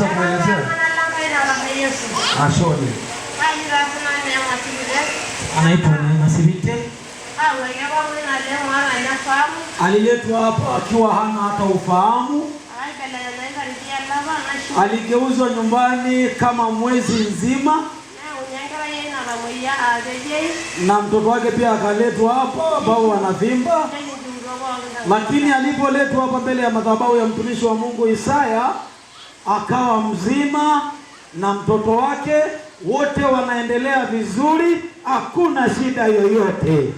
Unaweza kumwelezea? Ashoni. Anaitwa Nasibite. Aliletwa hapa akiwa hana hata ufahamu. Aligeuzwa nyumbani kama mwezi nzima na mtoto wake pia akaletwa hapa ambao wanavimba, lakini alipoletwa hapa mbele ya madhabahu ya mtumishi wa Mungu Isaya akawa mzima na mtoto wake wote wanaendelea vizuri, hakuna shida yoyote.